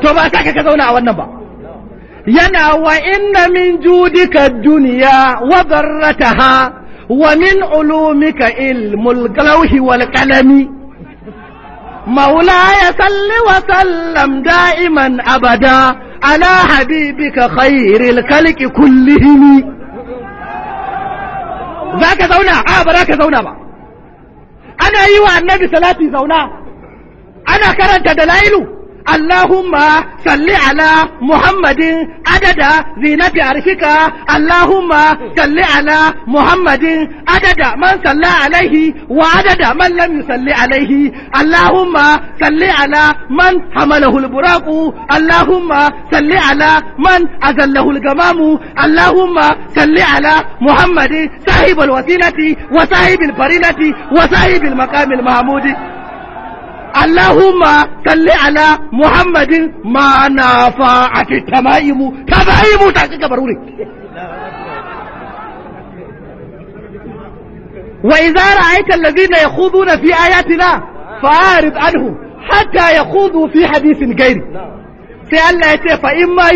to ba sa kaka zauna a wannan ba yana wa inna min judika duniya wa garrataha wa min ulumika ilmul qalawhi wal qalami maulaya salli wa sallam da'iman abada ala habibika khairil khalqi kullihim zaka zauna a ba zaka zauna ba ana yi wa annabi salati zauna ana karanta dalailu Allahumma salli ala Muhammadin adada zinati arshika Allahumma salli ala Muhammadin adada man salla alaihi wa adada man lam yusalli alaihi Allahumma salli ala man hamalahu al Allahumma salli ala man azallahu al-gamamu Allahumma salli ala Muhammadin sahib al-wasilati wa sahib al wa sahib al-maqam mahmudi Allahumma salli ala Muhammadin ma na fa'ati tama'imu tama'imu ta kika barure wa idza ra'aita hatta yakhudu fi hadithin ghairi sai Allah ya ce fa in ma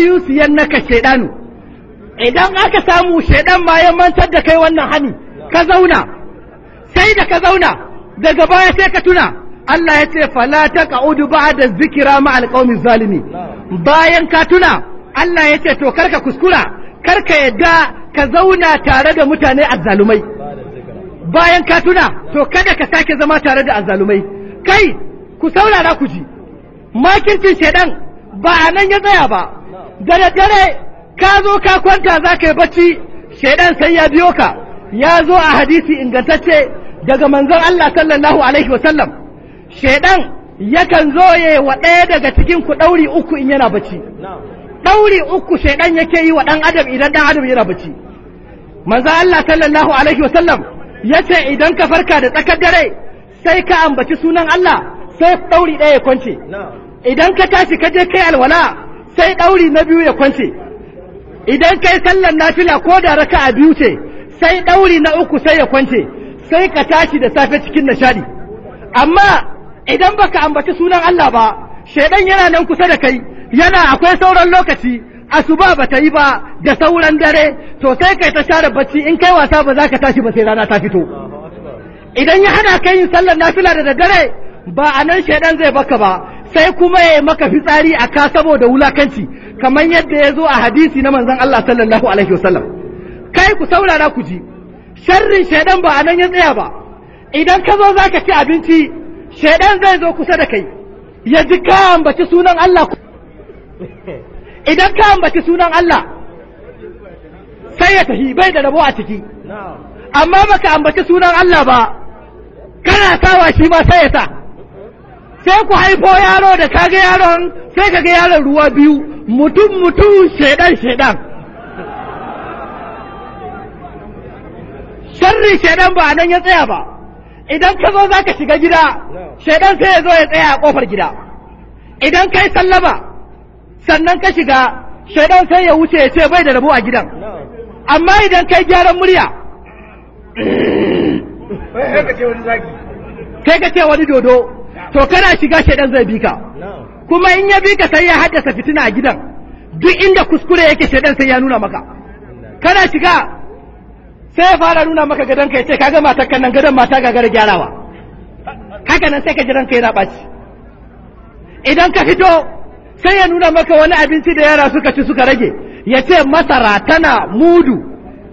aka samu shaydan ma mantar da kai wannan hani ka zauna sai da ka zauna baya sai ka tuna Allah ya ce fala ba da zikira ma alqawmi zalimi bayan ka tuna Allah ya ce to karka kuskura karka yadda ka zauna tare da mutane azzalumai bayan ka tuna to kada ka sake zama tare da azzalumai kai ku saurara ku ji makincin shedan ba a nan ya tsaya ba dare dare ka zo ka kwanta za ka yi bacci shedan sai ya biyo ka ya zo a hadisi ingantacce daga manzon Allah sallallahu alaihi wasallam shedan yakan zo ya wa ɗaya daga cikin ku ɗauri uku in yana bacci ɗauri uku shedan yake yi wa ɗan adam idan ɗan adam yana bacci manzo Allah sallallahu alaihi wasallam ce idan ka farka da tsakar dare sai ka ambaci sunan Allah sai ɗauri ɗaya ya kwance idan ka tashi ka je kai alwala sai ɗauri na biyu ya kwance idan kai sallar nafila ko da raka a biyu ce sai ɗauri na uku sai ya kwance sai ka tashi da safe cikin nishadi amma idan baka ambaci sunan Allah ba shaidan yana nan kusa da kai yana akwai sauran lokaci asuba ba ta yi ba da sauran dare to sai kai ta share bacci in kai wasa ba za ka tashi ba sai rana ta fito idan ya hana kai yin sallar nafila da daddare ba a nan shaidan zai baka ba sai kuma ya maka fitsari a ka saboda wulakanci kamar yadda ya zo a hadisi na manzon Allah sallallahu alaihi wasallam kai ku saurara ku ji sharrin shaidan ba a nan ya tsaya ba idan ka zo zaka ci abinci shaidan zai zo kusa da kai ya ji ka ambaci sunan Allah idan ka ambaci sunan Allah sai ya tafi bai da rabo a ciki amma baka ambaci sunan Allah ba kana sawa shi ma sai ya sa sai ku haifo yaro da kage yaron sai kage yaron ruwa biyu mutum mutum shaidan shaidan sharri shaidan ba nan ya tsaya ba idan ka zo za ka shiga gida shaidan sai ya zo ya tsaya a kofar gida idan kai sallaba sannan ka shiga shaidan sai ya wuce ya ce bai da rabo a gidan amma idan kai gyaran murya kai ka ce wani dodo to kana shiga shaidan zai bi ka kuma in ya bi ka sai ya haddasa fitina a gidan duk inda kuskure yake shaidan sai ya nuna maka kana shiga sai ya fara nuna maka gadon ka ya ce kaga matar kan nan gadon mata gagara gyarawa haka nan sai ka ji ranka yana baci idan ka fito sai ya nuna maka wani abinci da yara suka ci suka rage ya ce masara tana mudu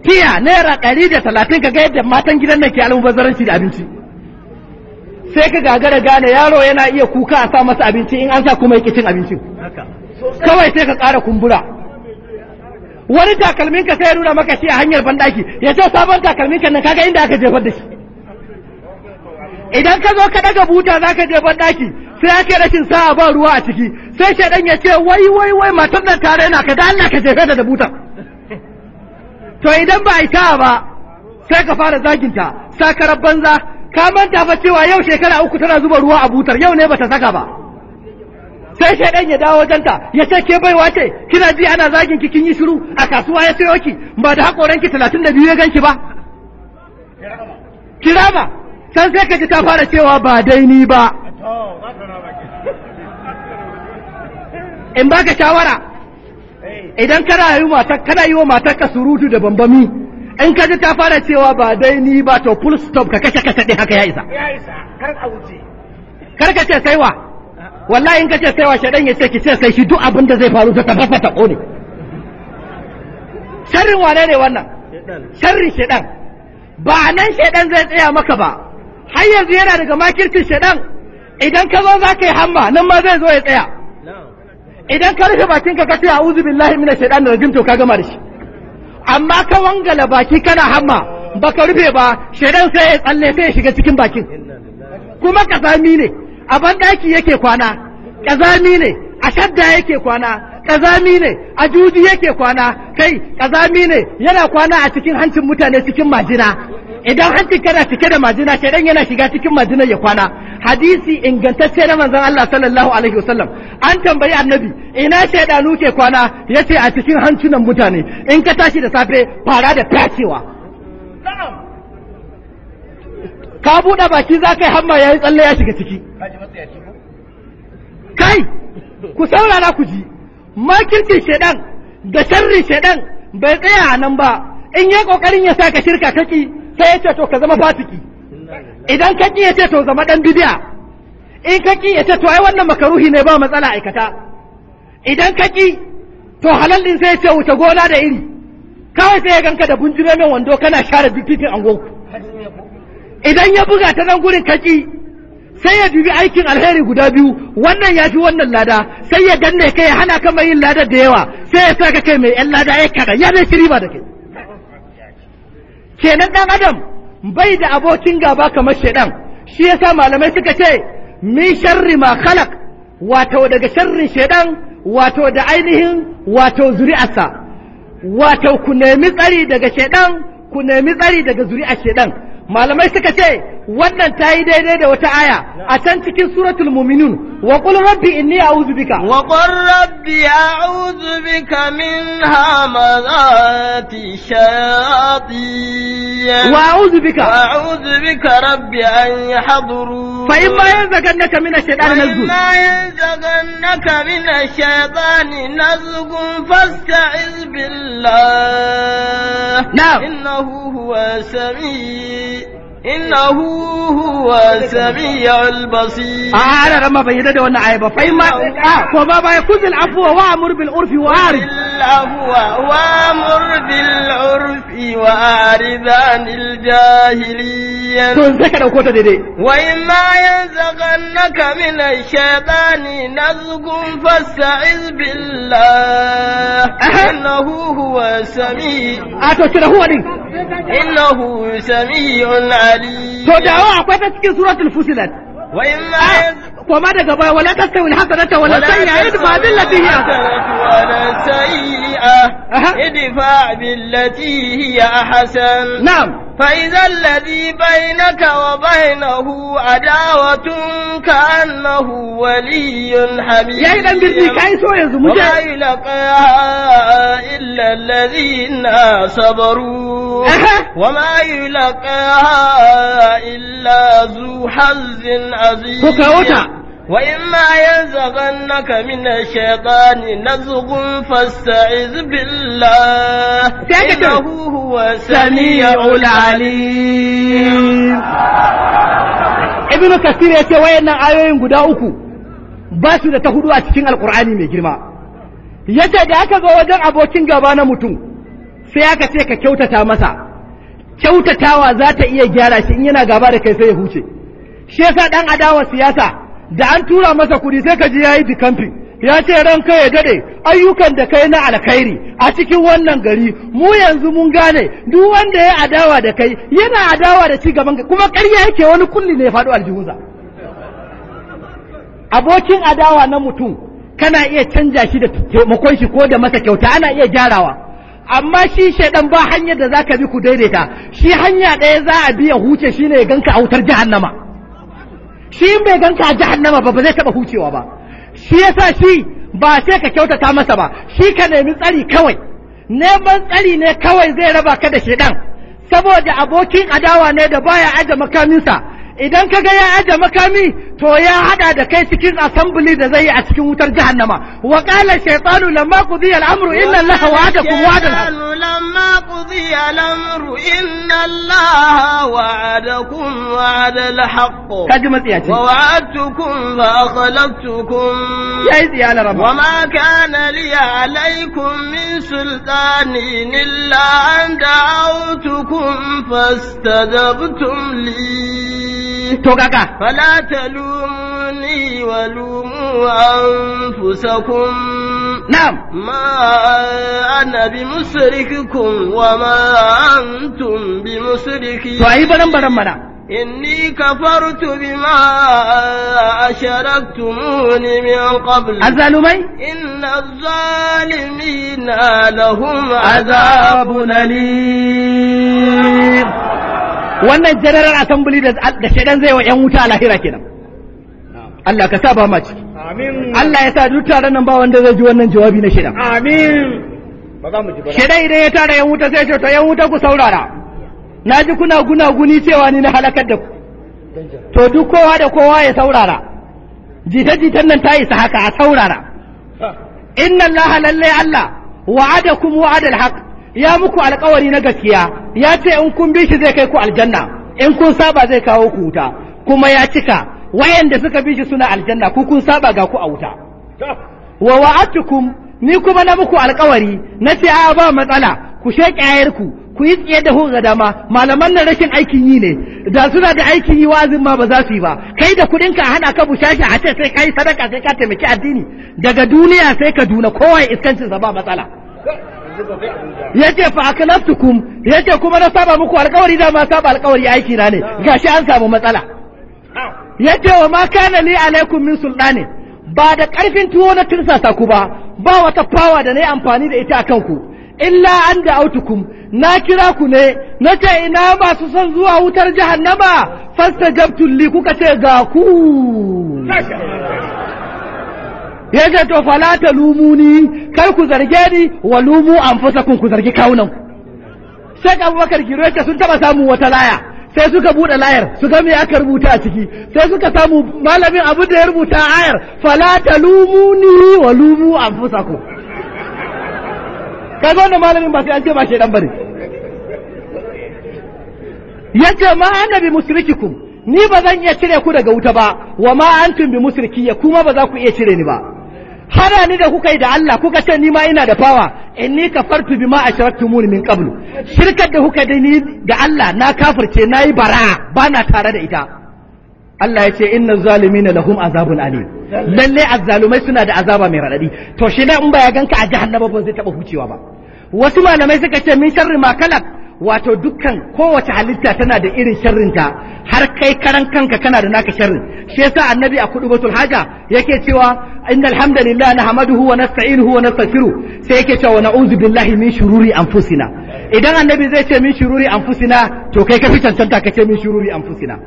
tiya naira ɗari da talatin kaga yadda matan gidan nan ke almubazzaranci da abinci sai ka gagara gane yaro yana iya kuka a sa masa abinci in an sa kuma ya cin abincin kawai sai ka ƙara kumbura wani takalmin ka sai ya nuna maka shi a hanyar bandaki ya ce sabon takalmin ka nan kaga inda aka jefar da shi idan ka zo ka daga buta za ka jefar daki sai ake rashin sa'a ba ruwa a ciki sai shaidan ya ce wai wai wai matar nan tare na ka da Allah ka jefar da buta to idan ba a yi sa'a ba sai ka fara zaginta sakarar banza ka manta fa cewa yau shekara uku tana zuba ruwa a butar yau ne ba ta saka ba sai shaidan ya dawo wajenta ya ce ke baiwa ce kina ji ana zagin ki kin yi shiru a kasuwa ya sayo ki ba da hakoran ki 32 ya ganki ba kira ba san sai ka ji ta fara cewa ba dai ni ba in ba ka shawara idan kana yi matar kana yi wa matar ka surutu da bambami in ka ji ta fara cewa ba dai ni ba to full stop ka kashe ka haka ya isa ya isa kar a wuce kar ka ce sai wa wallahi in ka ce sai wa shaidan ya ce ki ce sai shi duk abin da zai faru ta tabbata ta kone sharrin wane ne wannan sharrin shaidan ba nan shaidan zai tsaya maka ba har yanzu yana daga makirkin shaidan idan ka zo za ka yi hamma nan ma zai zo ya tsaya idan ka rufe bakin ka ce a'udhu billahi minash shaitani rajim to ka gama da shi amma ka wangala baki kana hamma baka rufe ba shaɗan sai ya tsalle sai ya shiga cikin bakin kuma sami ne a banɗaki yake kwana ƙazami ne a shadda yake kwana ƙazami ne a juji yake kwana kai ƙazami ne yana kwana a cikin hancin mutane cikin majina idan hancin kana cike da majina shaidan yana shiga cikin majina ya kwana hadisi ingantacce na manzon Allah sallallahu alaihi wasallam an tambayi annabi ina shaidanu ke kwana yace a cikin hancunan mutane in ka tashi da safe fara da tashewa. ka buɗe baki za ka yi hamma ya yi tsalle ya shiga ciki kai ku saurara ku ji makirkin shaidan da sharrin shaidan bai tsaya a nan ba in yi ƙoƙarin ya sa ka shirka kaki sai ya ce to ka zama fatiki. idan kaki ya ce to zama ɗan bidiya in kaki ya ce to ai wannan makaruhi ne ba matsala aikata idan kaki to halal din sai ya ce wuce gona da iri kawai sai ya ganka da bunjire mai wando kana share dukitin angonku idan ya buga ta nan gurin kaki sai ya dubi aikin alheri guda biyu wannan ya fi wannan lada sai ya danne kai ya hana ka yin lada da yawa sai ya saka kai mai yan lada ya kaga ya zai riba da kai kenan dan adam bai da abokin gaba kamar shaidan shi yasa malamai suka ce mi sharri ma khalaq wato daga sharrin shaidan wato da ainihin wato zuri'arsa wato ku nemi tsari daga shaidan ku nemi tsari daga zuri'ar shaidan malamai suka ce wannan ta yi daidai da wata aya a can cikin suratul muminun wa qul rabbi inni a'udhu bika wa qul rabbi a'udhu bika min hamazati shayatin wa a'udhu bika wa a'udhu bika rabbi an yahduru fa imma yanzaghannaka min ash-shaytani nazghun fa imma yanzaghannaka min ash-shaytani nazghun fasta'iz billah na'am innahu huwa samiic إنه هو السميع البصير أعلى رمى بيدة دون عيبة فإما آه، فبابا يكوز العفو وامر بالعرف وعارض العفو وامر بالعرف وعارض عن الجاهلين بيّن to sai ka dauko ta daidai wa imma yanzaghannaka min ash-shaytani nazghun fasta'iz billah innahu huwa sami a to kira huwa din innahu sami'un alim to dawa akwai ta cikin suratul fusilat وما دقبا ولا تستوي الحسنة ولا السيئة ادفع بالتي هي ولا السيئة ادفع بالتي هي أحسن نعم فإذا الذي بينك وبينه عداوة كأنه ولي حميد يا إذا قلت كيف وما يلقاها إلا الذين صبروا وما يلقاها إلا ذو حظ عظيم كوكاوتا وإما ينزغنك من الشيطان نزغ فاستعذ بالله إنه هو السميع العليم ibnu kasir ya ce wayannan ayoyin guda uku ba su da ta huɗu a cikin alkur'ani mai girma yace da aka zo wajen abokin gaba na mutum sai aka ce ka kyautata masa kyautatawa za ta iya gyara shi in yana gaba da kai sai ya huce shi yasa dan adawa siyasa da an tura masa kuɗi sai ka ji yayi dikamfin ya ce ranka ya dade ayyukan da kai na alkhairi a cikin wannan gari mu yanzu mun gane duk wanda ya adawa da kai yana adawa da ci gaban kuma ƙarya yake wani kulli ne ya faɗo aljihuza abokin adawa na mutum kana iya canja shi da taimakon shi ko da masa kyauta ana iya gyarawa amma shi shaidan ba hanyar da zaka bi ku daidaita shi hanya ɗaya za a biya huce shine ya ganka a wutar jahannama shi bai ganka a jahannama ba ba zai taba hucewa ba shi yasa shi ba sai ka kyautata masa ba shi ka nemi tsari kawai neman tsari ne kawai zai raba ka da shedan saboda abokin adawa ne da baya aje makaminsa idan ka ga ya aje makami to ya hada da kai cikin assembly da zai yi a cikin wutar jahannama wa qala shaytanu lamma qudiya al-amru inna allaha wa'adakum wa'dal lamma qudiya al-amru inna allaha wa'adakum wa'dal haqq kaji matsiya ce wa wa'adtukum fa akhlaftukum yayi tsiyala rabba wa ma kana li alaykum min sultanin illa an da'awtukum fastajabtum li Eh, to kaka. Fala ta lumuni wa lumu an fusakun. Na'am. Ma annabi musrikukum wa ma antum bi musriki. To ayi baran baran mana. Inni kafartu bima asharaktumuni min qabli. Azalumai. Inna zalimina lahum azabun alim. wannan general assembly da shaidan zai wa 'yan wuta lahira kenan Allah ka sa ba ma ciki Allah ya sa duk taron nan ba wanda zai ji wannan jawabi na shaidan amin shaidan idan ya tara 'yan wuta sai ce to 'yan wuta ku saurara na ji kuna gunaguni cewa ni na halakar da ku to duk kowa da kowa ya saurara jita-jitan nan ta isa haka a saurara inna Allah lallai Allah wa'adakum wa'adal haqq ya muku alkawari na gaskiya ya ce in kun bi shi zai kai ku aljanna in kun saba zai kawo ku wuta kuma ya cika wayanda suka bi shi suna aljanna ku kun saba ga ku a wuta wa wa'atukum ni kuma na muku alkawari na ce a ba matsala ku she ku ku yi tsaye da hura dama malaman nan rashin aikin yi ne da suna da aikin yi wazin ma ba za su yi ba kai da kuɗin ka hana ka bushashi a ce sai kai sadaka sai ka taimaki addini daga duniya sai ka duna kowa iskancin sa ba matsala yace fa akalaftukum yace kuma na saba muku alƙawari da ma saba alƙawari aiki na ne gashi an samu matsala yace wa ma kana li alaikum min sultani ba da karfin tuwo na tirsasa ku ba ba wata fawa da na amfani da ita a ku illa an da autukum na kira ku ne na ce ina masu son zuwa wutar jahannama fasta gabtulli kuka ce ga ku ya ce to fala ta lumuni kar ku zarge ni wa lumu anfusakum ku zargi kawunan sai abubakar giro ya sun taba samun wata laya sai suka bude layar su ga me aka rubuta a ciki sai suka samu malamin abin da ya rubuta ayar fala ta lumuni wa lumu anfusakum kaga wannan malamin ba sai an ce ba shedan bane yace ma annabi musrikikum ni ba zan iya cire ku daga wuta ba wa ma antum bi musrikiyya kuma ba za ku iya cire ni ba Hana ni da kuka yi da Allah kuka ce ni ma ina da fawa in inni kafartu bima ashraktumuni min kablu shirkar da kuka dai ni da Allah na kafirce yi bara ba na tare da ita Allah ya ce inna zalimina lahum azabun alim lalle azzalumai suna da azaba mai radadi to shi da in ba ya ganka a jahannama ba zai taba hucewa ba wasu malamai suka ce min sharri ma kalak wato dukkan kowace halitta tana da irin sharrinta har kai karan kanka kana da naka sharrin shi yasa annabi a kudubatul haja yake cewa innal hamdalillah nahmaduhu wa nasta'inuhu wa nastaghfiru sai yake cewa na'udzu billahi min shururi anfusina idan annabi zai ce min shururi anfusina to kai ka fi cancanta ka ce min shururi anfusina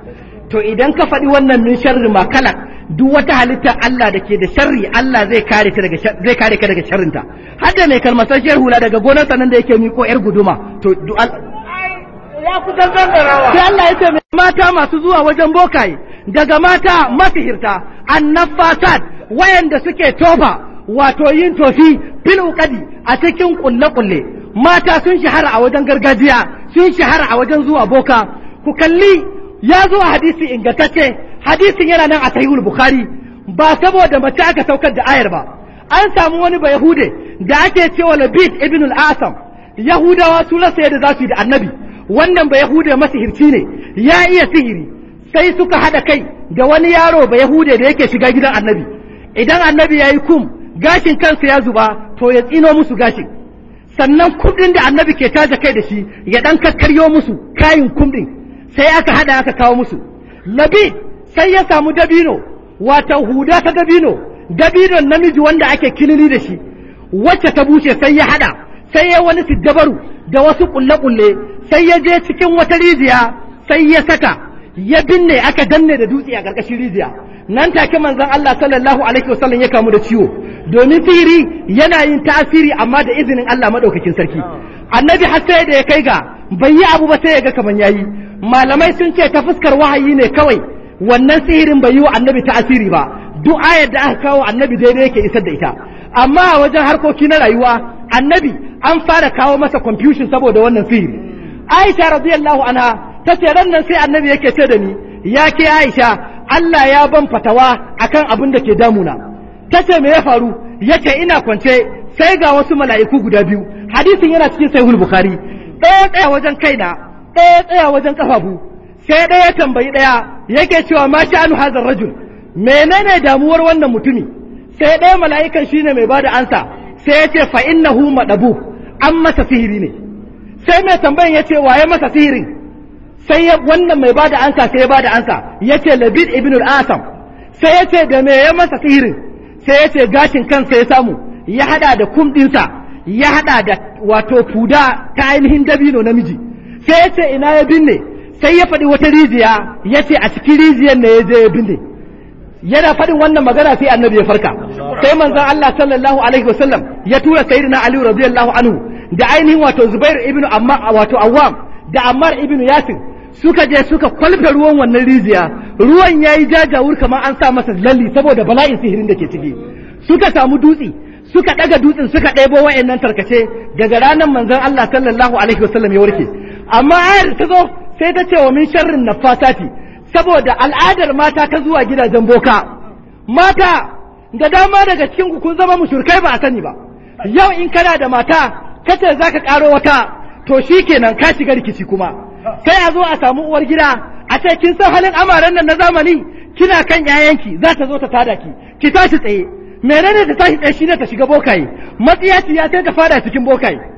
to idan ka faɗi wannan min sharri ma kalak duk wata halitta Allah da ke da sharri Allah zai kare ta daga zai kare ka daga sharrinta hadda mai hula daga gonar sanan da yake miko yar guduma to duk ya da rawa sai Allah ya ce mata masu zuwa wajen bokaye daga mata masihirta annafasat wayanda suke toba wato yin tofi fil a cikin kulle kulle mata sun shahara a wajen gargajiya sun shahara a wajen zuwa boka ku kalli ya zo a hadisi ingantacce hadisin yana nan a sahihul bukhari ba saboda mace aka saukar da ayar ba an samu wani ba yahude da ake cewa labid ibn al-asam yahudawa su rasa da za su yi da annabi wannan ba yahude masihirci ne ya iya sihiri sai suka hada kai da wani yaro ba yahude da yake shiga gidan annabi idan annabi ya yi kum gashin kansa ya zuba to ya tsino musu gashin sannan kum da annabi ke caja kai da shi ya dan kakkaryo musu kayin kum sai aka hada aka kawo musu labid sai ya samu dabino wata huda ta dabino dabino namiji wanda ake kilili da shi wacce ta bushe sai ya hada sai ya wani su dabaru da wasu kulle-kulle sai ya je cikin wata rijiya sai ya saka ya binne aka danne da dutse a ƙarƙashin rijiya nan take manzon Allah sallallahu alaihi wasallam ya kamu da ciwo domin sihiri yana yin tasiri amma da izinin Allah madaukakin sarki annabi har sai da ya kai ga bai yi abu ba sai ya ga kaman yayi malamai sun ce ta fuskar wahayi ne kawai wannan sihirin bai yi wa annabi ta asiri ba duk ayar da aka kawo annabi daidai yake isar da ita amma a wajen harkoki na rayuwa annabi an fara kawo masa confusion saboda wannan sihiri aisha radiyallahu anha ta ce ran nan sai annabi yake ce da ni ya ke aisha Allah ya ban fatawa akan abin da ke damuna ta ce me ya faru ya ce ina kwance sai ga wasu mala'iku guda biyu hadisin yana cikin sahihul bukhari ɗaya ɗaya wajen kaina ɗaya ya tsaya wajen kafafu sai ɗaya ya tambayi ɗaya yake cewa ma anu hazar rajul menene damuwar wannan mutumi sai ɗaya mala'ikan shine mai bada ansa sai ya ce fa innahu maɗabu an masa sihiri ne sai mai tambayin ya ce waye masa sihirin sai wannan mai bada ansa sai ya bada ansa ya ce labid ibn al-asam sai ya ce da me ya masa sihirin sai ya ce gashin kansa ya samu ya hada da kum ɗinsa ya hada da wato fuda ta ainihin dabino namiji sai ya ce ina ya binne sai ya faɗi wata rijiya ya ce a cikin rijiyar ne ya je ya binne yana faɗin wannan magana sai annabi ya farka sai manzon Allah sallallahu alaihi wasallam ya tura sayyidina Ali radiyallahu anhu da ainihin wato Zubair ibn Amma wato Awam da Ammar ibn Yasir suka je suka kwalfe ruwan wannan rijiya ruwan yayi jajawur kamar an sa masa lalli saboda bala'in sihirin da ke ciki suka samu dutse suka ɗaga dutsen suka ɗebo wa'annan tarkace daga ranar manzon Allah sallallahu alaihi wasallam ya warke amma ayar ta zo sai ta ce wa min sharrin nafasati saboda al'adar mata ta zuwa gidajen boka mata da dama daga cikin ku kun zama mushrikai ba a sani ba yau in kana da mata kace zaka karo wata to shikenan ka shiga rikici kuma Sai a zo a samu uwar gida a ce kin san halin amaran nan na zamani kina kan yayanki za ta zo ta tada ki ki tashi tsaye menene ta tashi tsaye shine ta shiga bokaye matsiyaci ya sai ta fada cikin bokaye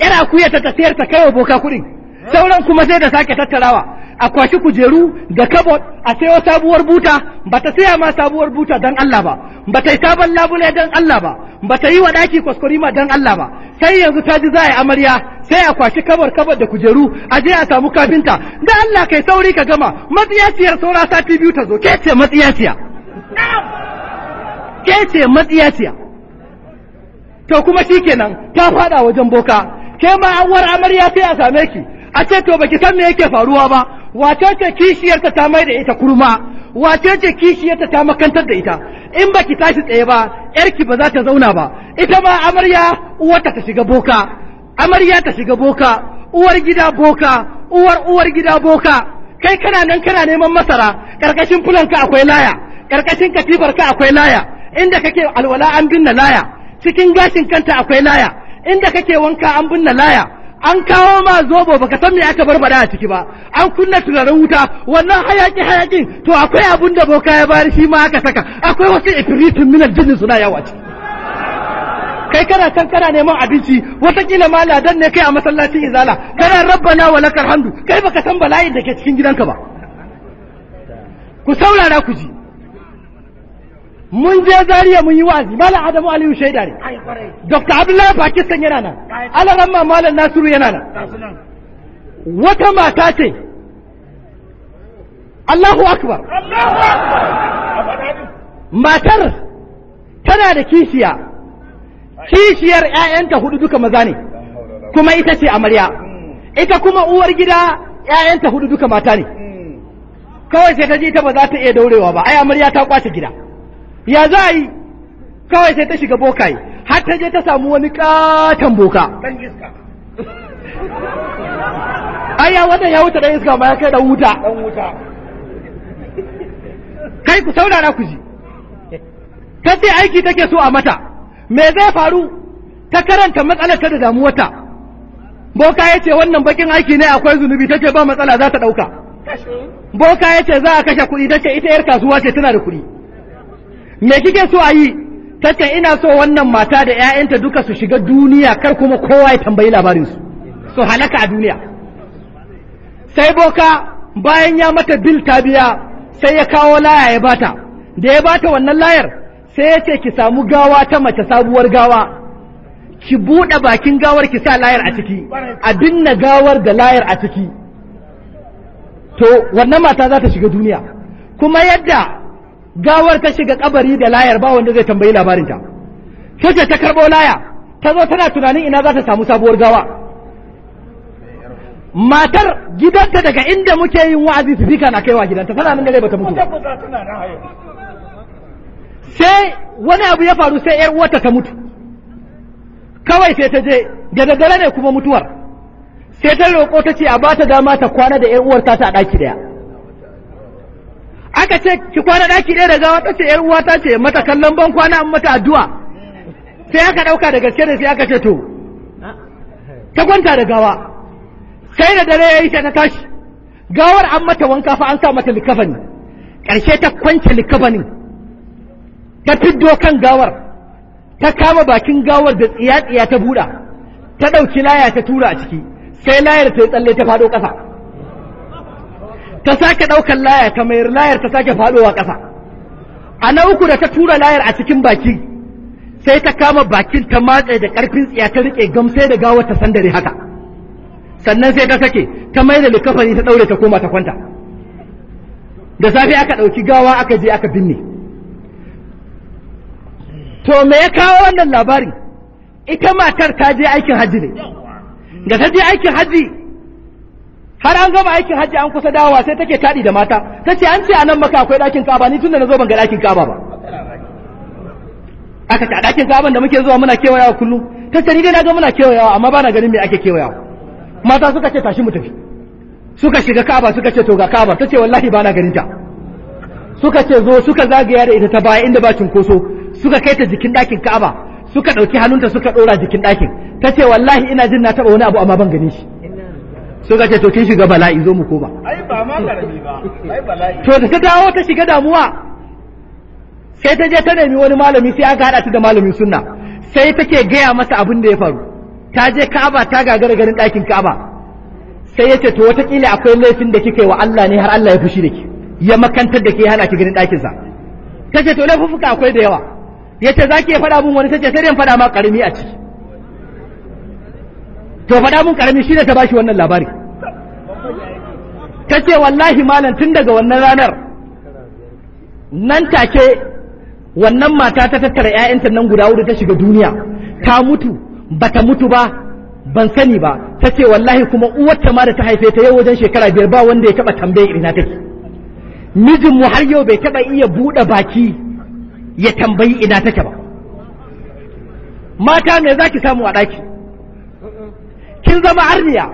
yar akuya ta tafiyar ta kai boka kuɗin sauran kuma sai da sake tattarawa a kwashi kujeru da kabot a sayo sabuwar buta ba ta saya ma sabuwar buta don Allah ba ba ta yi sabon labule don Allah ba ba ta yi wa ɗaki kwaskwari ma don Allah ba sai yanzu ta ji za a yi amarya sai a kwashi kabar kabar da kujeru a je a samu kafinta da Allah kai sauri ka gama matsiyaciyar saura sati biyu ta zo ke ce matsiyaciya ke ce matsiyaciya to kuma shikenan ta faɗa wajen boka ke ma an war amarya sai a same ki a ce to baki san me yake faruwa ba wace ce kishiyarta ta mai da ita kurma wace ce kishiyarta ta makantar da ita in baki tashi tsaye ba yarki ba za ta zauna ba ita ma amarya uwarta ta shiga boka amarya ta shiga boka uwar gida boka uwar uwar gida boka kai kana nan kana neman masara karkashin fulanka akwai laya karkashin katifarka akwai laya inda kake alwala an binne laya cikin gashin kanta akwai laya inda kake wanka an binne laya an kawo ma zobo baka san me aka barbada a ciki ba an kunna turare wuta wannan hayaki hayakin to akwai abun da boka ya bari shi ma aka saka akwai wasu ifiritin minal jinni suna yawa ci kai kana can kana neman abinci watakila ma ladan ne kai a masallacin izala kana rabbana wa lakal hamdu kai baka san bala'in da ke cikin gidanka ba ku saurara ku ji mun je zariya mun yi wa'azi malam adamu aliyu shaida ne dokta abdullahi pakistan yana nan ma malam nasiru yana nan wata mata ce allahu akbar matar tana da kishiya kishiyar 'ya'yanta hudu duka maza ne kuma ita ce amarya ita kuma uwar gida 'ya'yanta hudu duka mata ne hmm. kawai sai ta ji ta ba za ta iya daurewa ba ai amarya ta kwace gida ya za yi kawai sai ta shiga bokai, har ta je ta samu wani katon boka dan wannan ya wuce dan iska ma ya kai da wuta kai ku saurara ku ji ta ce aiki take so a mata me zai faru ta karanta matsalar ta da damuwarta boka ya ce wannan bakin aiki ne akwai zunubi ta ce ba matsala za ta ɗauka boka ya ce za a kashe kuɗi ta ce ita yar kasuwa ce tana da kuɗi me kike so a yi tace ina so wannan mata da 'ya'yanta duka su shiga duniya kar kuma kowa ya tambayi labarinsu su halaka a duniya sai boka bayan ya mata bil ta biya sai ya kawo laya ya bata da ya bata wannan layar sai ya ce ki samu gawa ta mace sabuwar gawa ki buɗe bakin gawar ki sa layar a ciki a binne gawar da layar a ciki to wannan mata za ta shiga duniya kuma yadda gawar ta shiga kabari da layar ba wanda zai tambayi labarinta ta ce ta karbo laya ta zo tana tunanin ina za ta samu sabuwar gawa matar gidanta daga inda muke yin wa'azi su fika na kaiwa gidanta tana nan ba bata mutu sai wani abu ya faru sai yar uwarta ta mutu kawai sai ta je da daddare ne kuma mutuwar sai ta roƙo ta ce a bata dama ta kwana da yar uwar ta a ɗaki daya aka ce ki kwana daki ɗaya da gawa tace yar uwa ta ce mata kallon ban kwana an mata addu'a sai aka dauka da gaske ne sai aka ce to ta kwanta da gawa sai da dare yayi ta tashi gawar an mata wanka fa an sa mata likafani karshe ta kwance likafanin ta fiddo kan gawar ta kama bakin gawar da tsiya ta buɗa ta ɗauki laya ta tura a ciki sai layar ta tsalle ta faɗo ƙasa ta sake ɗaukar layar ta mayar layar ta sake faɗowa ƙasa a na uku da ta tura layar a cikin baki sai ta kama bakin ta matse da ƙarfin tsiya ta riƙe gamsai da gawar ta sandare haka sannan sai ta sake ta mai da likafani ta ɗaure ta koma ta kwanta da safe aka ɗauki gawa aka je aka binne to me ya kawo wannan labarin ita matar ta je aikin hajji ne da ta je aikin hajji har an gama aikin hajji an kusa dawowa sai take taɗi da mata ta ce an ce a nan maka akwai ɗakin kaba ni tunda na zo ban ga ɗakin kaba ba aka ce ɗakin kaban da muke zuwa muna kewayawa kullum ta ce ni dai na ga muna kewayawa amma ba na ganin me ake kewayawa mata suka ce tashi mu tafi suka shiga kaba suka ce to ga kaba ta ce wallahi ba na ganin ta suka ce zo suka zagaya da ita ta baya inda ba cinkoso suka kai ta jikin ɗakin kaba suka ɗauki hannunta suka ɗora jikin ɗakin ta ce wallahi ina jin na taɓa wani abu amma ban ganin shi suka ce to kin shiga bala'i zo mu koma ai ba ma karami ba ai bala'i to da ta dawo ta shiga damuwa sai ta je ta nemi wani malami sai aka hada ta da malamin sunna sai take gaya masa abin da ya faru ta je Ka'aba ta gagara garin ɗakin Ka'aba sai ya ce to watakila akwai laifin da kika yi wa Allah ne har Allah ya fushi da ki ya makantar da ke hana ki garin ɗakin sa ta ce to laifuffuka akwai da yawa ya ce za ki ya faɗa mun wani ta ce sai dai faɗa ma ƙarami a ciki to faɗa mun ƙarami shi ne ta bashi wannan labari ta ce wallahi malam tun daga wannan ranar nan take wannan mata ta tattara 'ya'yanta nan guda hudu ta shiga duniya ta mutu ba ta mutu ba ban sani ba ta ce wallahi kuma uwarta ma da ta haife ta yau wajen shekara biyar ba wanda ya taba tambaye irina take mijinmu har yau bai taba iya buɗe baki ya tambayi ina take ba mata me zaki samu a ɗaki kin zama arniya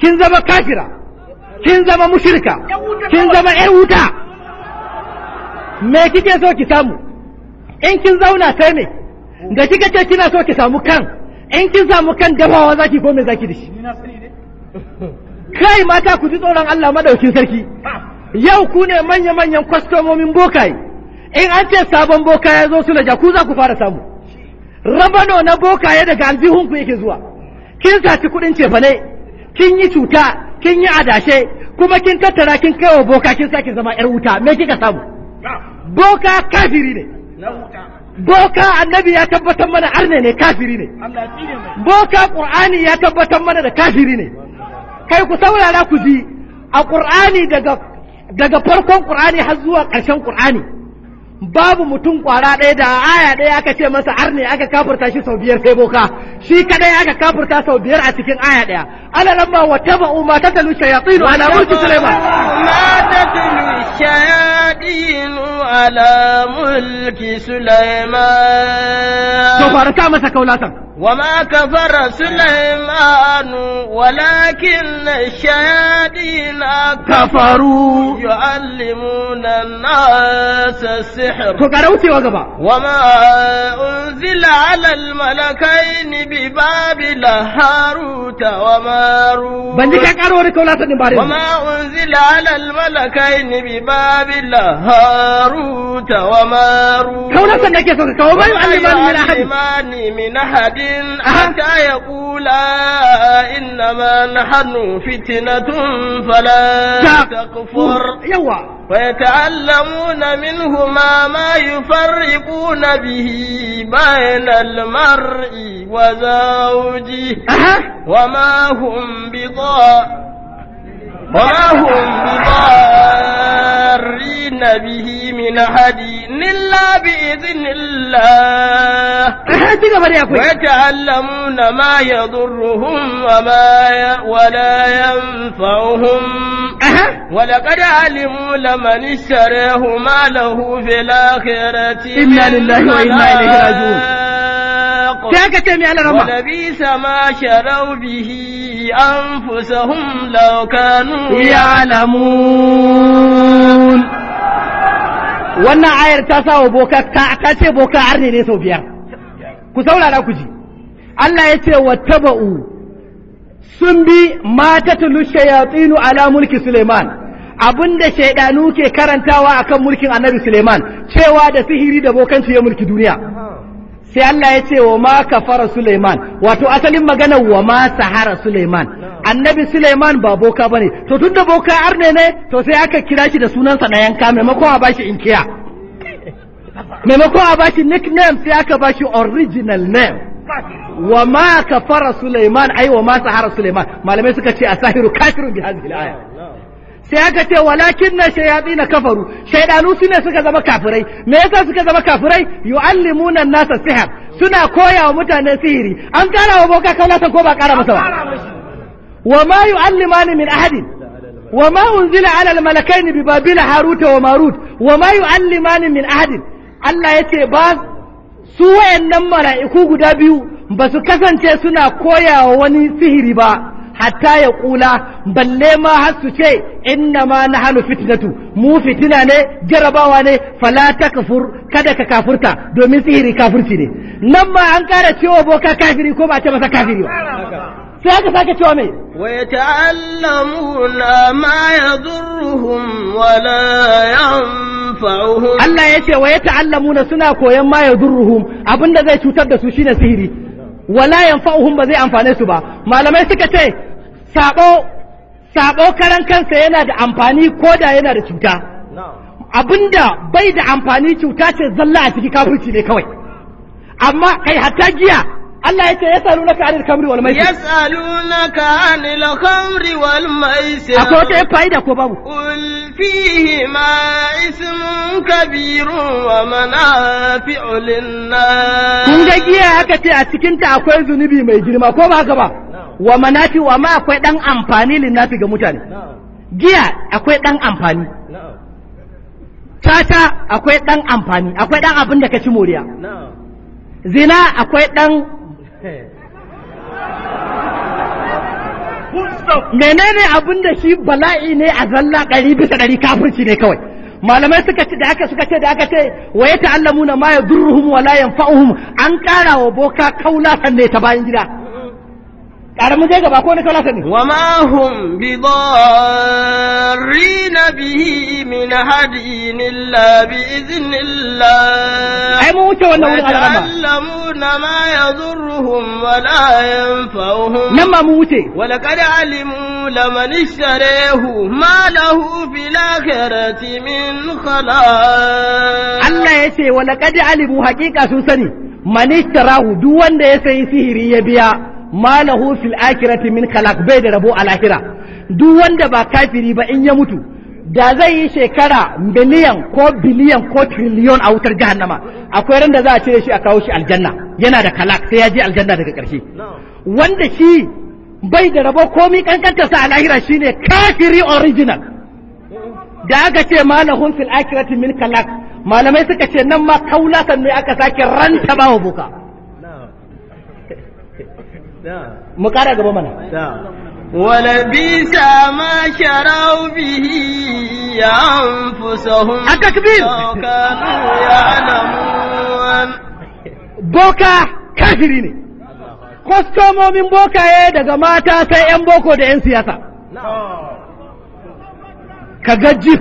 kin zama kafira kin zama mushirka kin zama ƴan wuta me kike so ki samu in kin zauna sai me da kika ce kina so ki samu kan in kin samu kan dabawa zaki ko me zaki dashi kai mata ku ji tsoron Allah madaukin sarki yau ku ne manya-manyan kwastomomin bokaye in an ce sabon boka ya zo sulaja ku za ku fara samu rabano na bokaye daga aljihun ku yake zuwa kin saci kuɗin cefane kin yi cuta kin yi adashe kuma kin tattara kin kai wa boka kin sake zama yar wuta me kika samu boka kafiri ne boka annabi ya tabbatar mana arne ne kafiri ne boka qur'ani ya tabbatar mana da kafiri ne kai ku saurara ku ji a qur'ani daga daga farkon qur'ani har zuwa karshen qur'ani babu mutum kwara ɗaya da aya ɗaya aka ce masa arne aka kafurta shi sau biyar sai boka shi kadai aka kafurta sau biyar a cikin aya ɗaya ala lamma wa taba'u ma tatalu shayatin ala mulki sulaiman ma tatalu shayatin ala mulki sulaiman to masa kaulatan وما كفر سليمان ولكن الشياطين كفروا يعلمون الناس السحر وما أنزل على الملكين ببابل هاروت وماروت وما أنزل على الملكين ببابل هاروت وماروت وما يعلمان من أحد إن أحكى يقول إنما نحن فتنة فلا نعم. تكفر ويتعلمون منهما ما يفرقون به بين المرء وزوجه وما هم بضاء وما هم بضارين به من أحد إلا بإذن الله ويتعلمون ما يضرهم وما ي... ولا ينفعهم ولقد علموا لمن اشتريه ما له في الآخرة إنا لله وإنا إليه راجعون sai aka ce mai alarama wala bi ma sharau bihi anfusahum law kanu ya'lamun wannan ayar ta sa wa boka ta ce boka har ne ne sau biyar ku saurara ku ji Allah ya ce wa taba'u sun bi mata tulu shayatinu ala mulki Suleiman abin da shaidanu ke karantawa akan mulkin annabi Suleiman cewa da sihiri da bokanci ya mulki duniya sai Allah ya ce wa ma kafara Suleiman wato asalin magana wa ma sahara Suleiman annabi Suleiman ba boka ne. to tun da boka arne ne to sai aka kira shi da sunansa na yanka maimakon a bashi inkiya maimakon a bashi nickname sai aka bashi original name wa ma kafara Suleiman ai wa ma sahara Suleiman malamai suka ce a sahiru kafirun bi hadhihi al sai aka ce walakin na shayatsi na kafaru shaidanu su ne suka zama kafirai me yasa suka zama kafirai yu'allimuna nasa sihir suna koya wa mutane sihiri an kara wa boka kaulata ko ba kara masa ba wa ma yu'allimani min ahadin wa ma unzila ala al-malakaini bi babila harut wa marut wa ma yu'allimani min ahadin Allah yace ba su wayannan mala'iku guda biyu ba su kasance suna koya wa wani sihiri ba hatta ya kula balle ma har su ce inna ma nahnu fitnatu mu fitina ne jarabawa ne fala takfur kada ka kafurta domin sihiri kafirci ne nan ma an kara cewa boka kafiri ko ba ta masa kafiri ba sai aka sake cewa mai wa yata'allamuna ma yadurruhum wa la yanfa'uhum Allah yace wa yata'allamuna suna koyan ma yadurruhum abinda zai cutar da su shine sihiri wala yanfa'uhum ba zai amfane su ba malamai suka ce sabo sabo karan kansa yana da amfani ko da yana da cuta abinda bai da amfani cuta ce zalla a ciki kafirci ne kawai amma kai hatta giya Allah yake ya salu naka anil kamri wal maisir salu naka anil kamri wal maisir akwai wata fa'ida ko babu ul fihi ma ismun kabiru wa manafi'u ulin na. kun ga giya aka ce a cikin ta akwai zunubi mai girma ko ba haka ba wa manafi wa ma akwai ɗan amfani linnafi ga mutane giya akwai ɗan amfani tata akwai ɗan amfani akwai ɗan abin da ka ci moriya zina akwai ɗan menene abin da shi bala'i ne a zalla ɗari bisa ɗari kafirci ne kawai malamai suka ce da aka suka ce da aka ce wa ya ta'allamuna ma durruhum wa la yanfa'uhum an ƙara wa boka kaula sanne ta bayan gida ƙaramu zai gaba ko wani kaula ne. wa ma hum bi na bihi min hadin illa bi la. ai mun wuce wannan wurin alama na ma yadurruhum wa la yanfa'uhum nan ma mun wuce wa laqad alimu lamani ishtarahu ma lahu fil akhirati min kala. Allah yace wa laqad alimu hakika sun sani man duk wanda ya sayi sihiri ya biya ma lahu fil akhirati min khalaq bai da rabo a lahira duk wanda ba kafiri ba in ya mutu da zai yi shekara miliyan ko biliyan ko triliyon a wutar jahannama akwai ran da za a cire shi a kawo shi aljanna yana da kalak sai ya je aljanna daga ƙarshe wanda shi bai da rabo komi sa a lahira shi ne kafiri original da aka ce malahun fil akirati min kalak malamai suka ce nan ma kaulatan ne aka sake ranta ba wa buka mu kara gaba mana ولبيس ما شروا به أنفسهم التكبير كانوا Boka بوكا ne. kwastomomin bokaye daga mata sai 'yan boko da 'yan siyasa ka gaji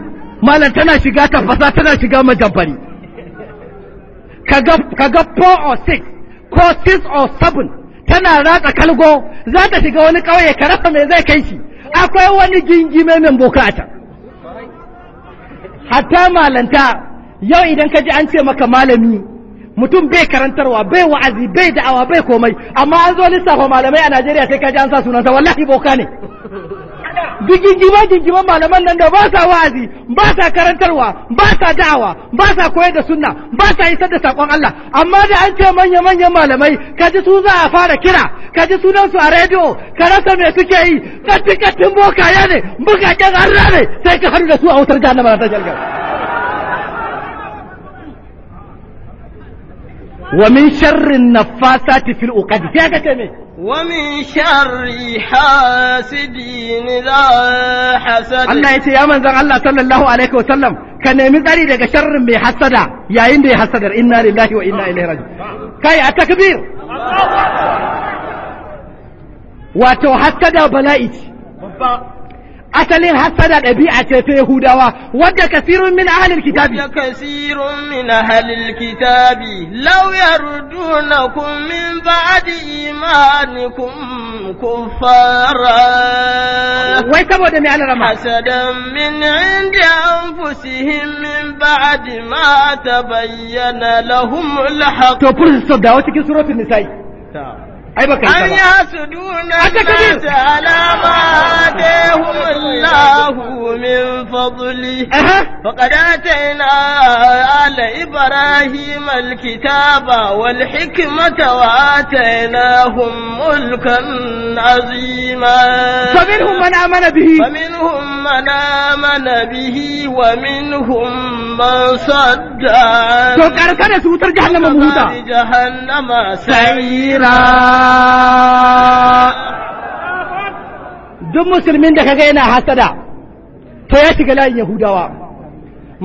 malam tana shiga tafasa tana shiga majamfari ka ga 4 or 6 ko 6 or 7 tana ratsa kalgo za ta shiga wani ƙauye ka rasa mai zai kai shi akwai wani gingime mai bukata hatta malanta yau idan ka ji an ce maka malami mutum bai karantarwa bai wa'azi bai da'awa bai komai amma an zo lissafa malamai a Najeriya sai ka ji an sa sunansa wallahi boka ne duk gingima malaman nan da ba sa wa'azi ba sa karantarwa ba sa da'awa ba sa koyar da sunna ba sa isar da sakon Allah amma da an ce manya manyan malamai kaji su za a fara kira kaji sunan su a rediyo ka rasa me suke yi katti kattin bokaya ne bukakken harra ne sai ka haɗu da su a wutar jahannama ta jalgar wa min sharrin nafasati fil uqad sai ka ce wa min sharri hasidin idha hasad Allah yace ya manzon ala sallallahu alaihi wa sallam ka nemi tsari daga sharrin mai hasada yayin da ya hasadar inna lillahi wa inna ilaihi raji'un a takbir wato hasada bala'i asalin hasada ɗabi'a ce ta Yahudawa wadda kasirun min ahlil kitabi wadda kasirun min ahlil kitabi law yardunakum min ba'di imanikum kuffara wai saboda me Allah rama hasadan min indi anfusihim min ba'di ma tabayyana lahum alhaq to full stop da wata cikin suratul nisa'i ai baka yi ba yasuduna nasa ala ma atahum Allah min fadli faqad atayna ala ibrahim alkitaba wal hikmata wa atainahum mulkan azima faminhum man amana bihi faminhum man amana bihi wa minhum man sadda to karkare su wutar jahannama mu huta jahannama sa'ira duk musulmin da kaga yana hasada to ya shiga layin yahudawa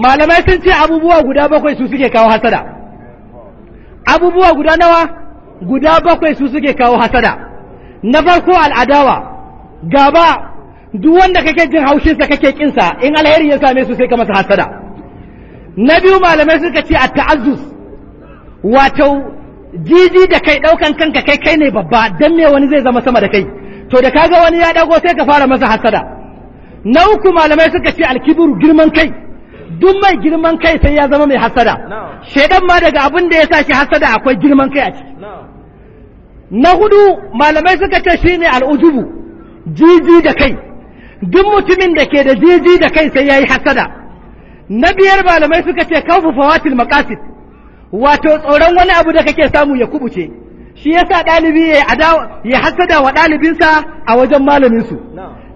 malamai sun ce abubuwa guda bakwai su suke kawo hasada abubuwa guda nawa guda bakwai su suke kawo hasada na farko al'adawa gaba duk wanda kake jin haushinsa kake kinsa in alheri ya same su sai ka masa hasada na biyu malamai suka ce a ta'azzus wato jiji da kai ɗaukan kanka kai kai ne babba dan me wani zai zama sama da kai to da kaga wani ya dago sai ka fara masa hasada na uku malamai suka ce alkibiru girman kai duk mai girman kai sai ya zama mai hasada shaidan ma daga abin da ya sa shi hasada akwai girman kai a ciki na hudu malamai suka ce shine al'ujubu jiji da kai duk mutumin da ke da jiji da kai sai ya yi hasada na biyar malamai suka ce kawfu fawatil maqasid wato tsoron wani abu da kake samu ya kubuce shi yasa ɗalibi ya ada ya hasada wa ɗalibinsa a wajen malamin su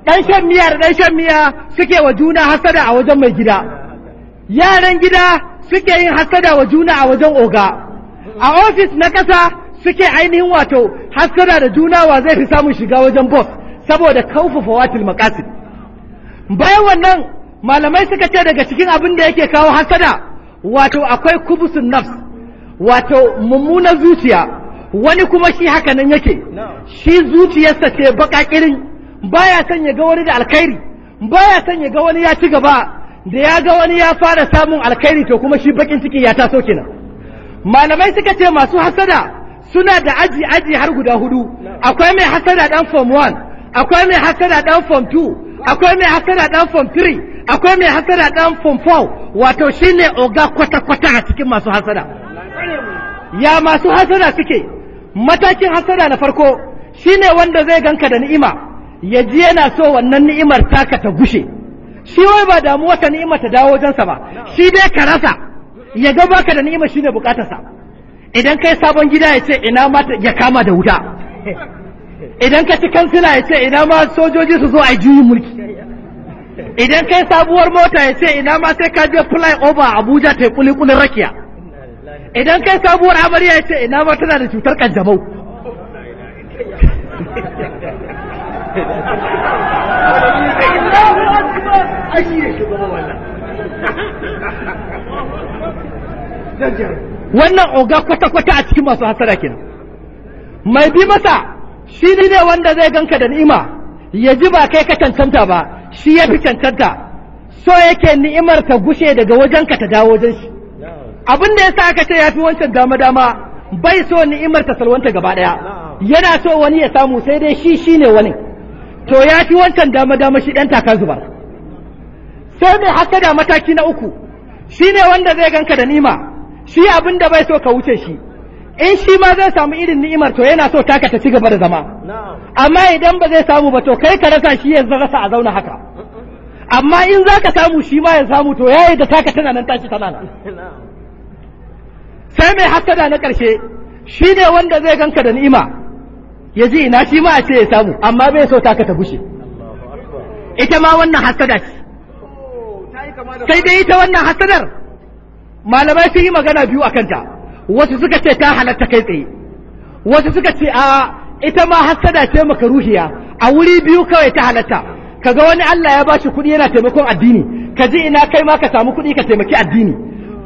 dan shan miya da dan shan miya suke wa juna hasada a wajen mai gida yaran gida suke yin hasada wa juna a wajen oga a ofis na ƙasa suke ainihin wato hasada da juna wa zai fi samun shiga wajen boss saboda kaufufa watil maqasid bayan wannan malamai suka ce daga cikin abin da yake kawo hasada wato akwai kubusun nafs wato mummunan zuciya wani kuma shi haka nan yake shi zuciyarsa ce baka kirin baya son ya ga wani da alkhairi baya son ya ga wani ya ci gaba da ya ga wani ya fara samun alkhairi to kuma shi bakin ciki ya taso kenan malamai suka ce masu hasada suna da aji aji har guda hudu akwai mai hasada dan form 1 akwai mai hasada dan form 2 akwai mai hasada dan form 3 akwai mai hasada dan form 4 wato shine oga kwata kwata a cikin masu hasada ya masu hasada suke matakin hasada na farko shine wanda zai ganka da ni'ima ya ji yana so wannan ni'imar taka ta gushe shi wai ba damu wata ni'ima ta dawo wajensa ba shi dai ka rasa ya ga baka da ni'ima shine bukatarsa idan kai sabon gida ya ce ina ma ya kama da wuta idan ka ci kansila ya ce ina ma sojoji su zo a juyin mulki idan kai sabuwar mota ya ce ina ma sai ka je fly over Abuja ta yi kulikulin rakiya idan kai sabuwar amarya ya ce ina ba tana da cutar kanjamau wannan oga kwata-kwata a cikin masu hasara kenan mai bi masa shi ne wanda zai ganka da ni'ima ya ji ba kai ka cancanta ba shi ya fi cancanta so yake ni'imar ta gushe daga wajenka ta dawo wajen shi abin da ya sa aka ce ya fi wancan dama dama bai so ni'imar ta salwanta gaba daya yana so wani ya samu sai dai shi shi ne wani to ya fi wancan dama dama shi ɗan taka zubar sai mai haka da mataki na uku shi ne wanda zai ganka da ni'ima shi abin da bai so ka wuce shi in shi ma zai samu irin ni'imar to yana so taka ta ci gaba da zama amma idan ba zai samu ba to kai ka rasa shi yanzu rasa a zauna haka amma in za ka samu shi ma ya samu to ya da taka tana nan tashi tana nan sai mai hakkada na ƙarshe shi ne wanda zai ganka da ni'ima ya ji ina shi ma a ce ya samu amma bai so taka ta bushe ita ma wannan hakkada ce sai dai ita wannan hasadar malamai sun yi magana biyu a kanta wasu suka ce ta halatta kai tsaye wasu suka ce a ita ma hasada ce maka ruhiya a wuri biyu kawai ta halatta kaga wani Allah ya ba shi kuɗi yana taimakon addini ka ji ina kai ma ka samu kuɗi ka taimaki addini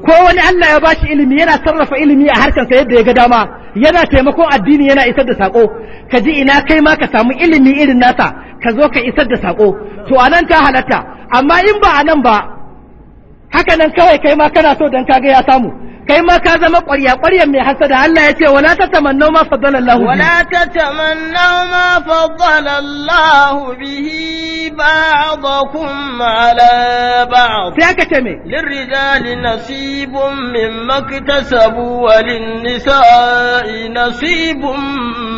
ko wani Allah ya bashi ilimi yana sarrafa ilimi a harkarsa yadda ya ga dama yana taimakon addini yana isar da sako ka ji ina kai ma ka samu ilimi irin nasa ka zo ka isar da sako to anan ta halatta amma in ba anan ba haka nan kawai kai ma kana so dan kaga ya samu kai ma ka zama ƙwarya ƙwarya mai hasada Allah ya ce wala ta tamanna ma faddala Allah wala ta tamanna ma faddala Allah bihi ba'dakum ala ba'd sai aka ce me lirrijali nasibun mimma iktasabu wa lin-nisa'i nasibun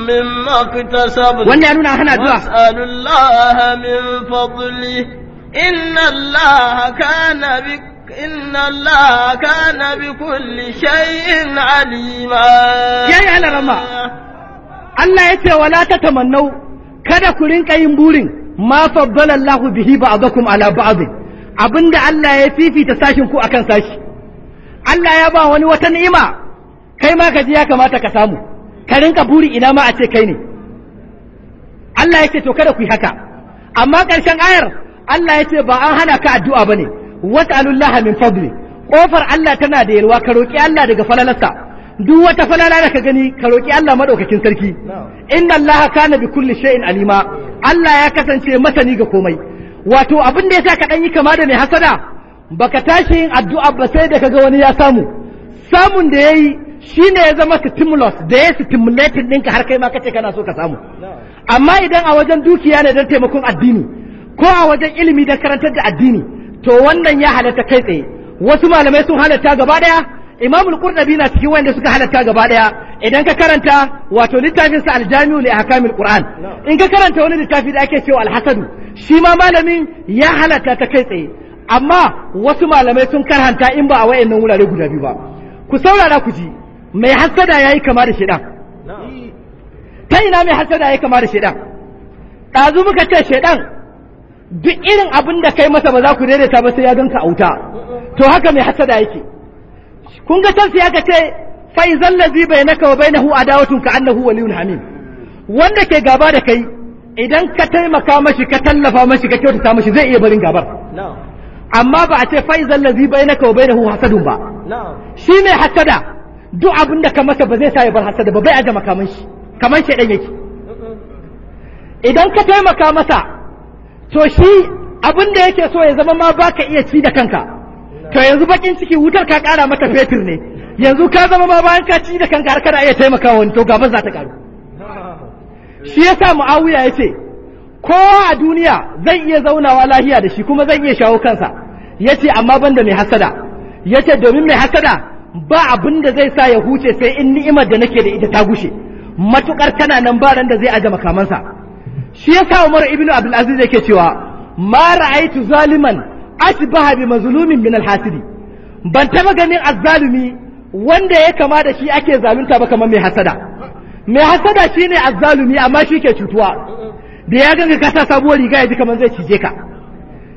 mimma iktasabu wannan ya nuna hana addu'a was'alullaha min fadli inna Allah kana bi إن الله كان بكل شيء عليما يا يا لرما الله يتي ولا تتمنوا kada ku rinka yin burin ma faddala Allahu bihi ba'dakum ala ba'd abinda Allah ya fifita sashin ku akan sashi Allah ya ba wani wata ni'ima kai ma ka ji ya kamata ka samu ka rinka buri ina ma a ce kai ne Allah yake to kada ku yi haka amma ƙarshen ayar Allah ya ce ba an hana ka addu'a bane was'alullaha min fadli kofar Allah tana da yalwa ka roki Allah daga falalarsa duk wata falala da ka gani ka roki Allah madaukakin sarki inna Allah kana bi kulli shay'in alima Allah ya kasance masani ga komai wato abin da yasa ka dan yi kama da mai hasada baka tashi yin addu'a ba sai da kaga wani ya samu samun da yayi shine ya zama stimulus da ya stimulate ɗinka har kai ma kace kana so ka samu amma idan a wajen dukiya ne don taimakon addini ko a wajen ilimi don karantar da addini to wannan ya halatta kai tsaye wasu malamai sun halatta gaba daya imamul qurnabi na cikin wanda suka halatta gaba daya idan ka karanta wato littafin sa aljami'u li ahkamil qur'an in ka karanta wani littafi da ake cewa alhasadu shi ma malamin ya halatta ta kai tsaye amma wasu malamai sun karhanta in ba a wayannan wurare guda biyu ba ku saurara ku ji mai hasada yayi kama da shedan ta ina mai hasada yayi kama da shedan ɗazu muka ce shedan duk irin abin da kai masa ba za ku daidaita ba sai ya ganka auta to haka mai hasada yake kun ga can sai aka ce fa izal bai naka wa bainahu dawatun ka annahu waliyun hamim wanda ke gaba da kai idan ka taimaka mashi ka tallafa mashi ka kyautata mashi zai iya barin gabar amma ba a ce fa izal bai naka wa bainahu hasadun ba shi mai hasada duk abin da ka masa ba zai sa ya bar hasada ba bai aje makaman shi kaman shedan yake idan ka taimaka masa to shi abin da yake so ya zama ma ba ka iya ci da kanka to yanzu bakin ciki wutar ka kara mata fetur ne yanzu ka zama ma bayan ka ci da kanka har kana iya taimakawa wani to gaban za ta karu shi yasa muawiya yace kowa a duniya zai iya zaunawa lahiya da shi kuma zai iya shawo kansa yace amma banda mai hasada yace domin mai hasada ba abin da zai sa ya huce sai in ni'imar da nake da ita ta gushe matukar tana nan ba ran da zai aje makamansa shi yasa Umar ibn Abdul Aziz yake cewa ma ra'aitu zaliman atbaha bi mazlumin min al Hasiri, ban taba ganin azzalumi wanda ya kama da shi ake zalunta ba kamar mai hasada mai hasada shine azzalumi amma shi ke cutuwa da ya ganka ka sa sabuwar riga ya ji kamar zai cije ka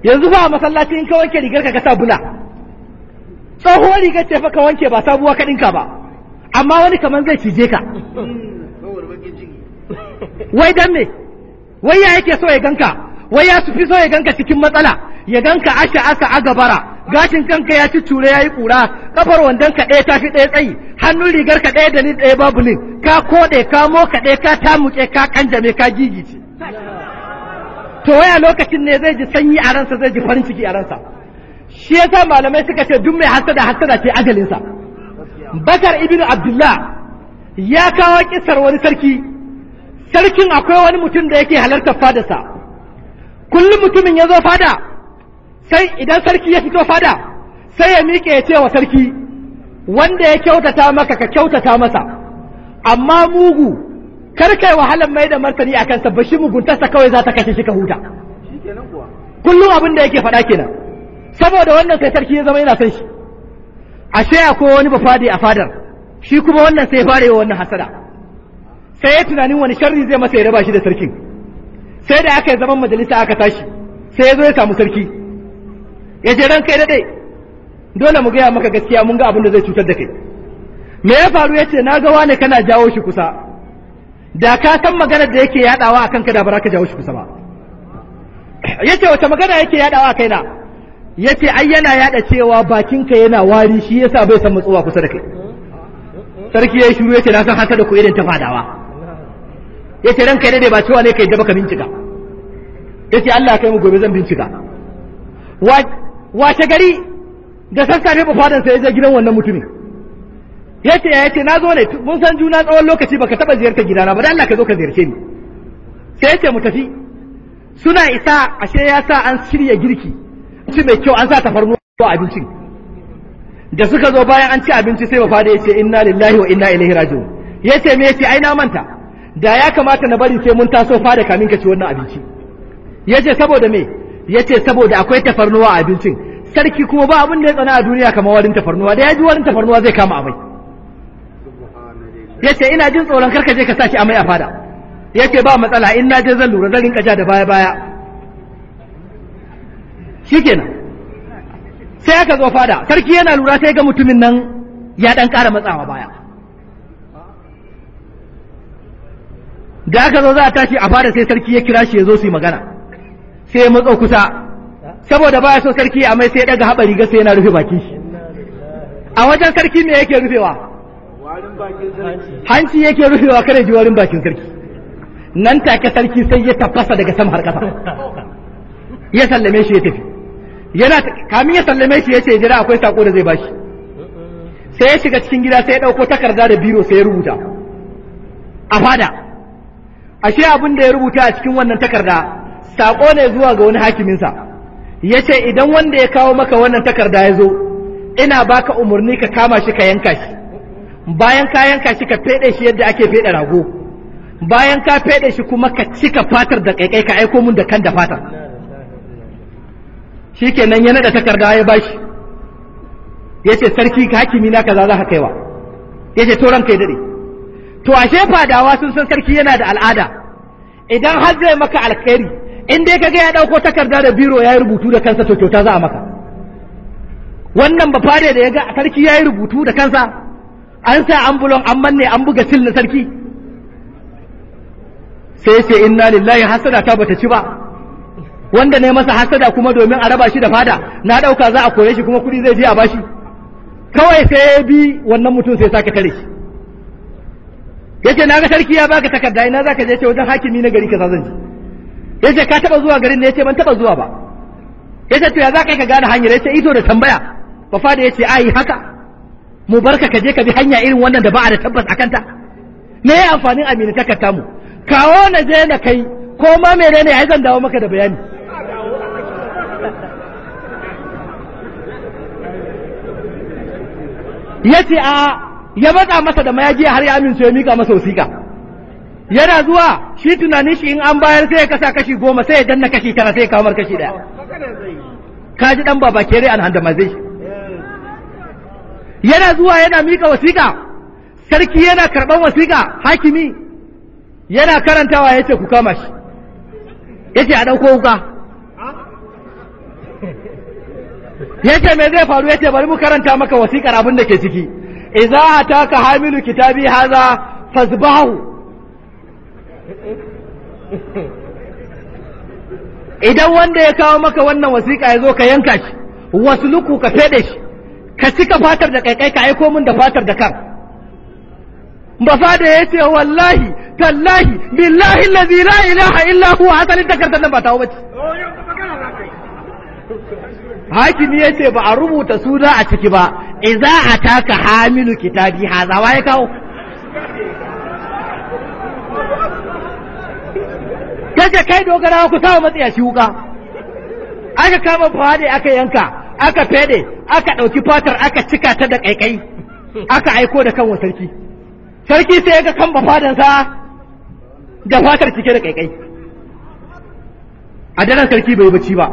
yanzu ba a masallaci in ka wanke rigar ka ka sa bula tsohuwar rigar ce fa ka wanke ba sabuwa ka dinka ba amma wani kamar zai cije ka wai dan me wai ya yake so ya ganka wai ya fi so ya ganka cikin matsala ya ganka asha aka agabara gashin kanka ya ci ture ya yi ƙura kafar wandon ka ɗaya ɗaya tsayi hannun rigar ka ɗaya da ni ɗaya babu lin ka koɗe ka moka ɗaya ka tamuke ka kanjame ka gigice to waya lokacin ne zai ji sanyi a ransa zai ji farin ciki a ransa shi yasa malamai suka ce duk mai hasada hasada ce ajalinsa bakar ibnu abdullah ya kawo kisar wani sarki sarkin akwai wani mutum da yake halartar fadarsa kullum mutumin ya zo fada sai idan sarki ya fito fada sai ya miƙe ya ce wa sarki wanda ya kyautata maka ka kyautata masa amma mugu kar kai wahalar mai da martani akan sa bashi muguntarsa kawai za ta kashe shi ka huta kullum abin da yake faɗa kenan saboda wannan sai sarki ya zama yana son shi ashe akwai wani bafade a fadar shi kuma wannan sai fara yi wannan hasada sai ya tunanin wani sharri zai masa ya raba shi da sarkin sai da aka yi zaman majalisa aka tashi sai ya zo ya samu sarki ya je ran kai daɗe dole mu gaya maka gaskiya mun ga abin da zai cutar da kai me ya faru ya ce na ga wane kana jawo shi kusa da ka san maganar da yake yaɗawa a kanka da ba ka jawo shi kusa ba ya ce wata magana yake yaɗawa a kaina ya ce ai yana yaɗa cewa bakinka yana wari shi yasa bai san matsuwa kusa da kai sarki ya yi shiru ya ce na san haka da ku irin ta fadawa ya ce ranka ne ba cewa ne ka yadda baka bincika ya ce Allah kai mu gobe zan bincika wace gari da sassafe ba fadansa ya je gidan wannan mutumin ya ce ya ce na zo ne mun san juna tsawon lokaci baka taba ziyartar gidana ba dan Allah ka zo ka ziyarce ni sai ya ce mu tafi suna isa ashe ya sa an shirya girki ci mai kyau an sa tafarnuwa abincin da suka zo bayan an ci abinci sai ba fada ya ce inna lillahi wa inna ilaihi raji'un ya ce me ya ce ai na manta da ya kamata na bari sai mun taso fada kamin ka ci wannan abinci yace saboda me yace saboda akwai tafarnuwa a abincin sarki kuma ba abin da ya tsana a duniya kamar warin tafarnuwa da ya ji warin tafarnuwa zai kama amai yace ina jin tsoron karka je ka saki amai a fada yace ba matsala in na je zan lura zan rinka ja da baya baya shikenan sai aka zo fada sarki yana lura sai ga mutumin nan ya dan kara matsawa baya da aka zo za a tashi a fara sai sarki ya kira shi ya zo su yi magana sai ya matso kusa saboda ba ya so sarki a mai sai daga haɓa riga sai yana rufe bakin shi a wajen sarki me yake rufewa hanci yake rufewa kare ji warin bakin sarki nan take sarki sai ya tafasa daga sama har ƙasa ya sallame shi ya tafi yana kamin ya sallame shi ya ce jira akwai sako da zai bashi sai ya shiga cikin gida sai ya ɗauko takarda da biro sai ya rubuta a fada ashe abin da ya rubuta a cikin wannan takarda saƙo ne zuwa ga wani hakiminsa ya ce idan wanda ya kawo maka wannan takarda ya zo ina baka umarni ka kama shi ka yanka shi bayan ka yanka shi ka feɗe shi yadda ake feɗe rago bayan ka feɗe shi kuma ka cika fatar da ƙaiƙai ka aiko mun da kan da fatar shi kenan ya naɗa takarda ya bashi ya ce sarki hakimi na kaza za ka kaiwa ya ce to ranka ya daɗe to ashe fadawa sun san sarki yana da al'ada idan har zai maka alkhairi in dai kaga ya dauko takarda da biro ya rubutu da kansa to kyauta za a maka wannan ba fare da ya ga sarki ya rubutu da kansa an sa ambulon an manne an buga sil na sarki sai sai inna lillahi hasada ta bata ci ba wanda ne masa hasada kuma domin a raba shi da fada na dauka za a kore shi kuma kudi zai je a bashi kawai sai bi wannan mutum sai sake tare shi yace na ga sarki ya baka takarda ina zaka je ce wajen hakimi na gari kaza zan je yace ka taba zuwa garin ne yace ban taba zuwa ba yace to ya zaka ka gane hanyar yace ito da tambaya ba fa da yace ai haka mu barka ka je ka bi hanya irin wannan da ba a da tabbas akan ta me ya amfanin amini takarda mu kawo na je na kai ko ma me ne ai zan dawo maka da bayani yace a ya matsa masa da mayaji har ya amince ya mika masa wasiƙa yana zuwa shi tunanin shi in an bayar sai ya kasa kashi goma sai ya danna kashi tara sai ya kawo kashi ɗaya ka ji dan baba kere an mazai yana zuwa yana mika wasiƙa sarki yana karɓan wasiƙa hakimi yana karantawa ya ce ku kama shi ya ce a ɗauko wuka ya ce me zai faru ya ce bari mu karanta maka wasiƙar abin da ke ciki idza ataka hamilu kitabi hadha fazbahu idan wanda ya kawo maka wannan wasiƙa ya zo ka yanka shi wasluku ka fede shi ka cika fatar da kaikai ka aiko min da fatar da kan ba fada ya ce wallahi tallahi billahi allazi la ilaha illa huwa asalin takardar nan ba ta bace hakimi ya ce ba a rubuta suna a ciki ba a ataka hamilu kitabi haza waye kawo kace kai dogara ku matsiya matsiyaci wuka aka kama fade aka yanka aka fede aka ɗauki fatar aka cika ta da kaikai aka aiko da kan sarki sarki sai ga kan kamba sa da fatar cike da kaikai a daren sarki bai bacci ba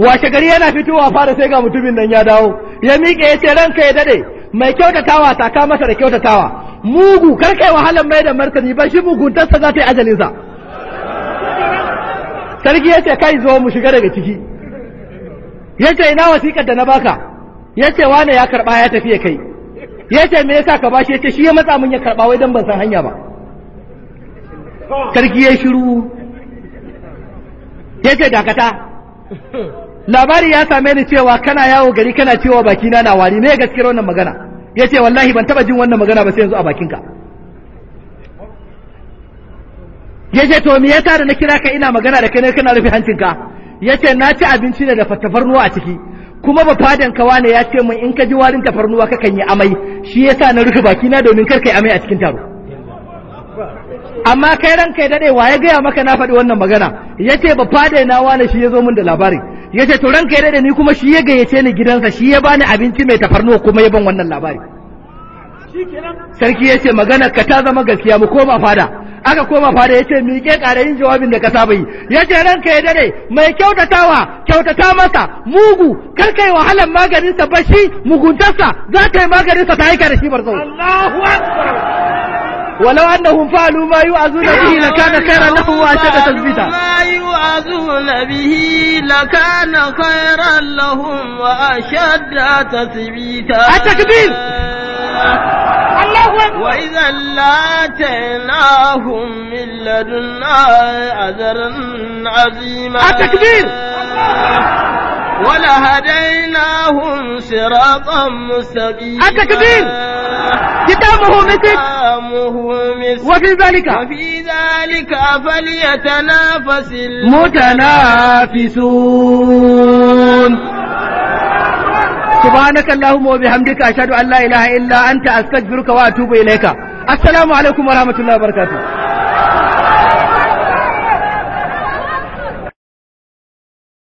washe gari yana fitowa fara sai ga mutumin nan ya dawo ya miƙe ya ce ranka ya daɗe mai kyautatawa ta ka masa da kyautatawa mugu kar kai wahalar mai da martani ba shi muguntarsa za ta yi ajalinsa sarki ya ce kai zo mu shiga daga ciki ya ce ina wasiƙar da na baka ya ce wane ya karɓa ya tafi ya kai ya ce me yasa ka bashi ya ce shi ya matsa mun ya karɓa wai dan ban san hanya ba sarki ya shiru ya ce dakata labari ya same ni cewa kana yawo gari kana cewa bakina na wari ne gaskiyar wannan magana ya wallahi ban taba jin wannan magana ba sai yanzu a bakinka ya ce to me yasa da na kira ka ina magana da kai ne kana rufe hancinka ya ce na ci abinci ne da tafarnuwa a ciki kuma ba fadan kawa ne ya ce min in ka ji warin tafarnuwa kakan yi amai shi yasa na rufe bakina domin kar kai amai a cikin taro amma kai ranka ya dade wa ya gaya maka na faɗi wannan magana ya ce ba fada na wane shi ya zo min da labari ya ce to ranka ya da ni kuma shi ya gayyace ni gidansa shi ya bani abinci mai tafarnuwa kuma ya ban wannan labari sarki ya ce magana ka ta zama gaskiya mu koma fada aka koma fada ya ce miƙe ƙara yin jawabin da ka saba yi ya ce ranka ya dade mai kyautatawa kyautata masa mugu kar kai wahalar maganinsa ba shi muguntarsa za ka yi maganinsa ta aika da shi bar Allahu Akbar ولو أنهم فعلوا ما يوعظون به لكان خيرا لهم وأشد تثبيتا ما يوعظون به لكان خيرا لهم وأشد تثبيتا التكبير وإذا لاتيناهم من لدنا أجرا عظيما التكبير ولهديناهم صراطا مستقيما كبير كتابه مسك وفي ذلك وفي ذلك فليتنافس المتنافسون سبحانك اللهم وبحمدك أشهد أن لا إله إلا أنت أستغفرك وأتوب إليك السلام عليكم ورحمة الله وبركاته